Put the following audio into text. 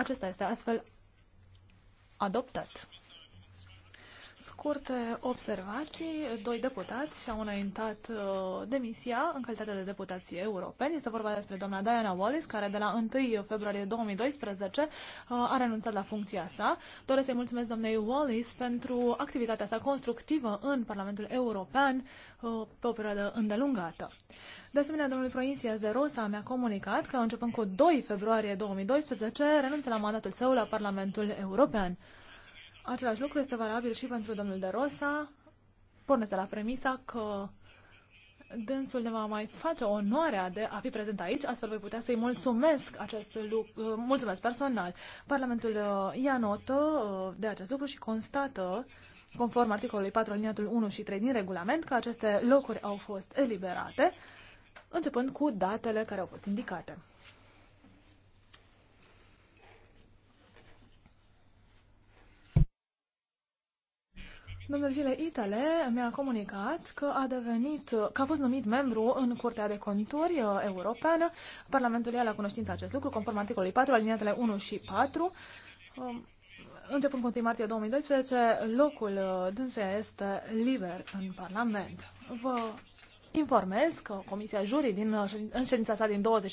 Acesta este astfel adoptat. Scurte observații, doi deputați și-au înaintat uh, demisia în calitate de deputații europeni. Este vorba despre doamna Diana Wallis, care de la 1 februarie 2012 uh, a renunțat la funcția sa. Doresc să-i mulțumesc doamnei Wallis pentru activitatea sa constructivă în Parlamentul European uh, pe o perioadă îndelungată. De asemenea, domnul Proinsias de Rosa mi-a comunicat că începând cu 2 februarie 2012 renunță la mandatul său la Parlamentul European. Același lucru este valabil și pentru domnul De Rosa. Pornesc de la premisa că dânsul ne va mai face onoarea de a fi prezent aici, astfel voi putea să-i mulțumesc acest lucru, uh, mulțumesc personal. Parlamentul uh, ia notă uh, de acest lucru și constată, conform articolului 4 aliniatul 1 și 3 din regulament, că aceste locuri au fost eliberate, începând cu datele care au fost indicate. Domnul Vile Itale mi-a comunicat că a devenit, că a fost numit membru în Curtea de Conturi uh, Europeană. Parlamentul ia la cunoștință acest lucru, conform articolului 4, aliniatele 1 și 4. Um, începând cu 1 martie 2012, locul uh, dânsă este liber în Parlament. Vă informez că Comisia Jurii din, în uh, ședința sa din 20